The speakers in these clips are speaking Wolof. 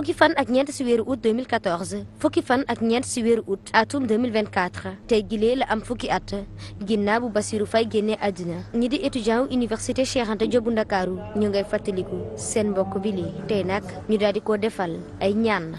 fukki fan ak ñeent si weeru août 2014 fukki fan ak ñeent si weeru août atum 2024 tey gilee la am fukki at ginnaaw bu Bassirou Faye génnee àddina ñi di étudiant wu université Cheikh Anta Diop bu Ndakaaru ñu ngay fàttaliku seen mbokk bi lii tey nag ñu daal di ko defal ay ñaan.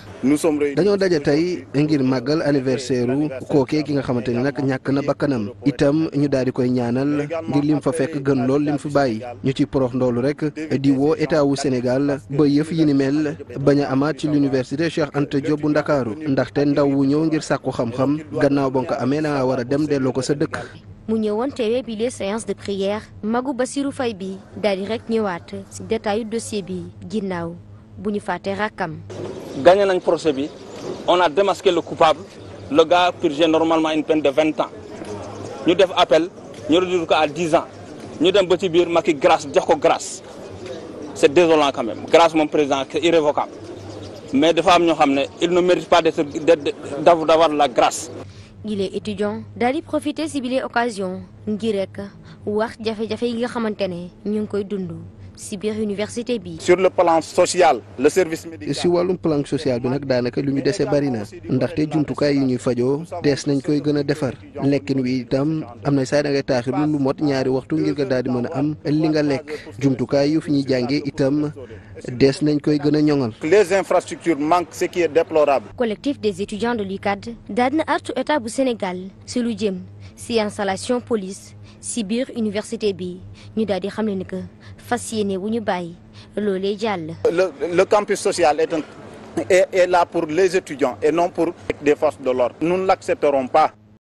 dañoo daje tey ngir màggal anniversaire u ki nga xamante ni ñàkk na bakkanam itam ñu daal di koy ñaanal ngir lim fa fekk gën lool lim fi bàyyi ñu ci porox ndoolu rek di woo état wu Sénégal ba yëf yi ni mel bañ a amaat diplomate ci l'université Cheikh Anta Diop bu Ndakaaru ndaxte ndaw wu ñëw ngir sàkku xam-xam gannaaw ba nga amee naa war a dem delloo ko sa dëkk. mu ñëwoon teewee bi les de prière magu Bassirou Faye bi daal di rek ñëwaat si détailu dossier bi ginnaaw bu ñu fàtte rakkam. gagné nañ procès bi on a démasqué le coupable le gars purgé normalement une peine de vingt ans ñu def appel ñu réduire ko à dix ans ñu dem ba ci biir Macky grâce jox ko grâce c'est désolant quand même grâce mais dafa am ñoo xam ne il ne mérite pas d'être d'avoir la grâce. yile étudiant daal di profité si bile occasion ngir rek wax jafe-jafe yi nga xamante ne ñu ngi koy dund. si biir université bi. sur le plan social le service si wàllum plan social bi nag daanaka lu ñu dese bari na ndaxte jumtukaay yi ñuy fajoo dees nañ koy gën a defar lekkin wi itam am na saa da ngay taaxi lu mot ñaari waxtu ngir nga daal di mën a am li nga lekk jumtukaay yu fi ñuy jàngee itam dees nañ koy gën a ñoŋal. les infrastructures manquent ce qui est déplorable. collectif des étudiants de l'UCAD daal na artu état bu Sénégal si lu jëm si installation police. si biir université bi ñu daal xam ne ni que fas yéene wu ñu bàyyi loolee jàll. le le campus social est un est, est là pour les étudiants et non pour les forces de l'ordre. nous ne l'accepterons pas.